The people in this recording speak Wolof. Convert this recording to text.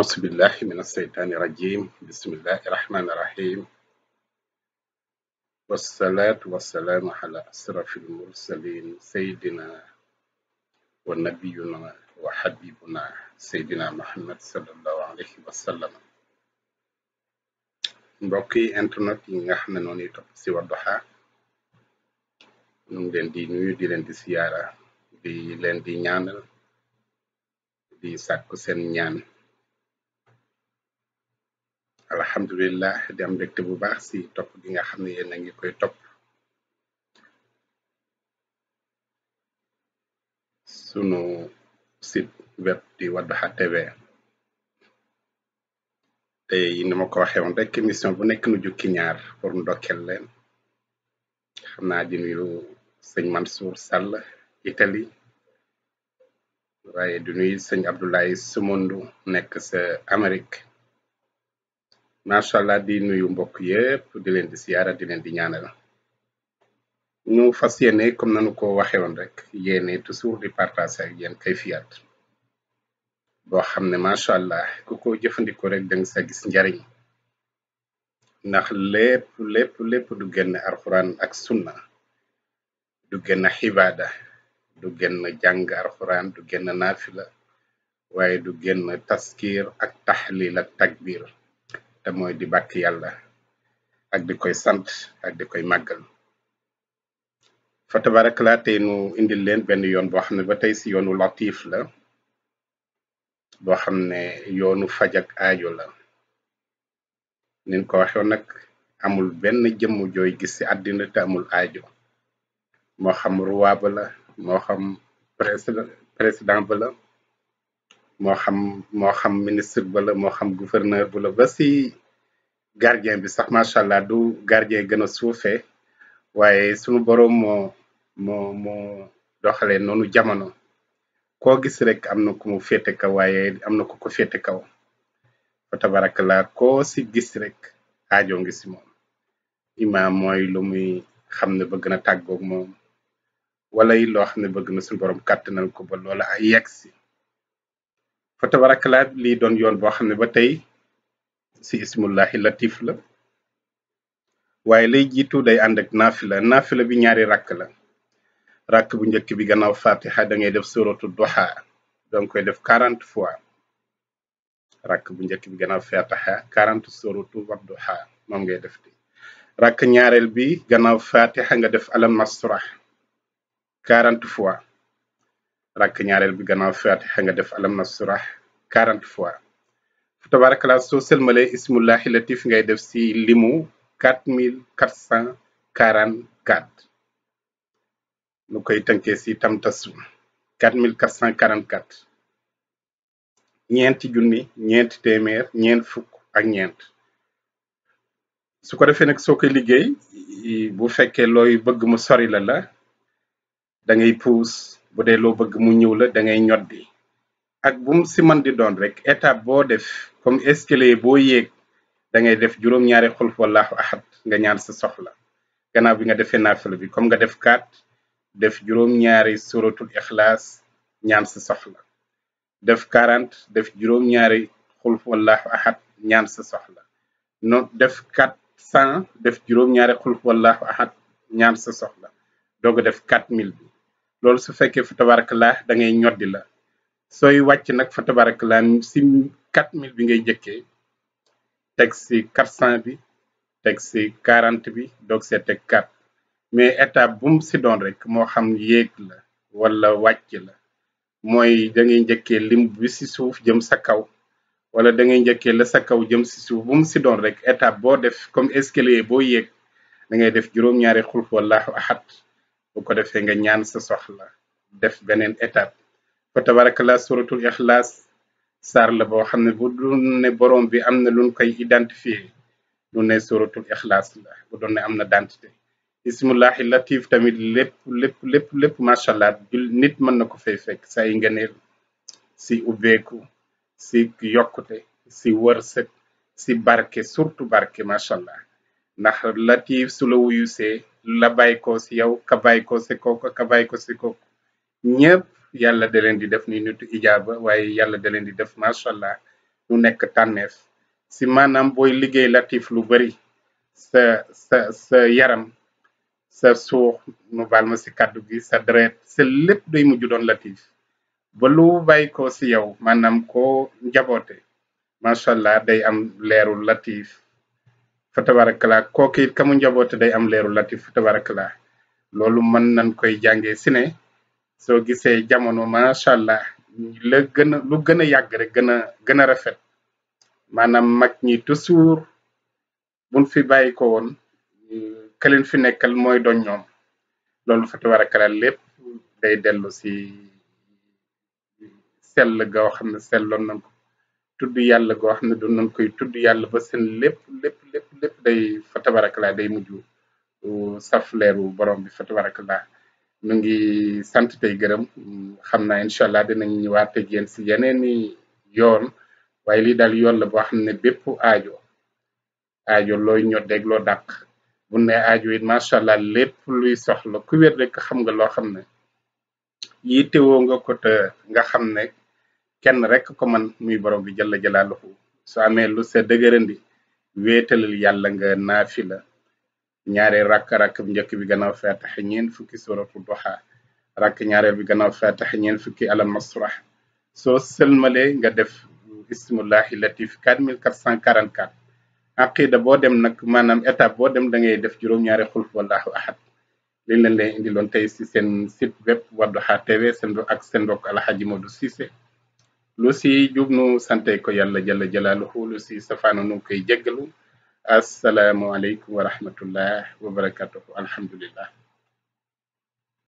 أعوذ بالله من الشيطان الرجيم بسم الله الرحمن الرحيم والصلاة والسلام على أشرف المرسلين سيدنا ونبينا وحبيبنا سيدنا محمد صلى الله عليه وسلم مبكي انترنت yi nga xam ne noonu topp ci Wadduha ñu ngi دي di nuyu di leen di siyaara di leen di ñaanal di alhamdulilah di am mbégte bu baax si topp gi nga xam ne yéen a ngi koy top sunu site web di Wadduha TV tey ni ma ko waxee woon rek émission bu nekk nu jukki ñaar pour ndokkeel leen xam naa di nuyu sëñ Mansour Sall Italie waaye du nuyu sëñ Abdoulaye Sumundu nekk sa Amérique macha allah di nuyu mbokk yépp di leen di siyaara di leen di ñaanal ñu fas yéene comme nanu ko waxe woon rek yéene toujours di partager ak yéen kay fiyaat boo xam ne allah ku ko jëfandikoo rek da nga sa gis njariñ ndax lépp lépp lépp du génn alquran ak sunna du génn xibaada du génn jàng alquran du génn naafila waaye du génn taskir ak taxlil ak takbir te mooy di bàkk yàlla ak di koy sant ak di koy màggal fa tabarakala tey nu indil leen benn yoon boo xam ne ba tey si yoonu latif la boo xam ne yoonu faj ak aajo la nin ko waxee nag amul benn jëmm jooy gis ci àddina te amul aajo moo xam ruwaaba la moo xam président ba moo xam moo xam ministre ba la moo xam gouverneur bu ba si gardien bi sax macha allah du gardien gën a suufee waaye sunu boroom moo moo moo doxalee noonu jamono koo gis rek am na ku mu féete kaw am na ku ko féete kaw fa tabarakallah ko si gis rek aajo ngi si moom imaam mooy lu muy xam ne bëgg na tàggoog moom wala yi loo xam ne bëgg na suñu borom kàttanal ko ba loola ay yegg si fa tabarakalaa lii doon yoon boo xam ne ba tey si ismullahi latif la waaye lay jiitu day ànd ak nafila bi ñaari rakk la rakk bu njëkk bi gannaaw fatiha da def suratu duha danga koy def quarante fois rakk bu njëkk bi ganaaw fatiha quarante suratu wa duha moom ngay def di rakk ñaareel bi gannaaw fatiha nga def alam quarante fois rakk ñaareel bi gannaaw fatiha nga def alam nasrah quarante fois fu tabaarakala soo sëlmalee ismullahi latif ngay def si limu quatre mille quatre cent quarante quatre nu koy tënkee si tamtasu quatre mille quatre cent quarante quatre ñeenti junni ñeenti téeméer ñeent fukk ak ñeent su ko defee nag soo koy liggéey bu fekkee looy bëgg mu sori la la da puus bu dee loo bëgg mu ñëw la da ngay ñoddi ak bu mu si man di doon rek étape boo def comme escalier boo yéeg da ngay def juróom-ñaari xulf wallahu ahad nga ñaan sa soxla gannaaw bi nga defee naafila bi comme nga def kaat def juróom-ñaari suratul ixlaas ñaan sa soxla def 40 def juróom-ñaari xulf wallahu ñaan sa soxla no def 400 def juróom-ñaari xulf wallahu ahad ñaan sa soxla doog def 4000 mille loolu su fekkee fa tabarakallah da ngay ñoddi la sooy wàcc nag fa tabarakallah si mille bi ngay jëkkee teg si 400 bi teg si 40 bi doog see teg 4 mais étape bum mu si doon rek moo xam yéeg la wala wàcc la mooy dangay ngay njëkkee lim bi si suuf jëm sa kaw wala da ngay njëkkee la sa kaw jëm si suuf bu mu si doon rek étape boo def comme escalier boo yéeg da ngay def juróom-ñaari xulf wallahu ahad bu ko defee nga ñaan sa soxla def beneen étape fa tabarakallah suratul ixlaas saar la boo xam ne bu doon ne borom bi am na luñ koy identifier du ne suratul ixlaas la bu doon ne am na dentité ismullahi latif tamit lépp lépp lépp lépp macha allah nit mën na ko fay fekk saa yi ngeneel si ubbeeku si yokkute si wërsëg si barke surtout barke macha allah ndax latif su la wuyusee la bàyyi si yow ka bàyyi ko si kooku ka bàyyi ko ñëpp yàlla da leen di def ni nitu ijaaba waaye yàlla da leen di def macha allah ñu nekk tànneef si maanaam booy liggéey latif lu bari sa sa sa yaram sa suux mu baal si kàddu gi sa deret sa lépp day mujj doon latif balu lu si yow maanaam koo njaboote macha allah day am leeru latif fa tabarakalaa kooku it kamu mu njaboote day am leeru latif fa tabarakalaa loolu mën nañ koy jàngee sine ne soo gisee jamono macha allah la gën lu gën a yàgg rek gën a gën a rafet maanaam mag ñi toujours buñ fi bàyyi ko woon ka fi nekkal mooy doñ ñoom loolu fa tabarakala lépp day dellu si sell ga xam ne selloon nañ ko tudd yàlla goo xam ne doon nañ koy tudd yàlla ba seen lépp lépp lépp lépp day fa tabarakalaa day mujj uh, saf leeru borom bi fa tabarakalaa mu ngi sant tey gërëm xam naa incha allah dinañ ñëwaat ak yéen si yeneen i yoon waaye lii daal yoon la boo xam ne bépp aajo aajo looy ñoddeeg loo dàq bu ne aajo it macha allah lépp luy soxla ku wér rek xam nga loo xam ne yittewoo nga ko nga xam ne kenn rek ko man muy borom bi jalla jalaaluhu su amee lu sa dëgërandi wéetalal yàlla nga naafila ñaare rakk-rakk bu njëkk bi gannaaw fatiha ñeen fukki suratu duha rakk ñaareel bi gannaaw fatiha ñeen fukki alam masrah soo sëlmale nga def ismullahi latif 4444 aqida boo dem nag maanaam étape boo dem da ngay def juróom-ñaari xulf wallahu ahad liñ indi loon tey si seen site web Wadduha TV seen ak seen mbokk Alhaji لوسي جبنو سانتي كو يالا جل جلاله لوسي سفانو نوكي جيغلو السلام عليكم ورحمه الله وبركاته الحمد لله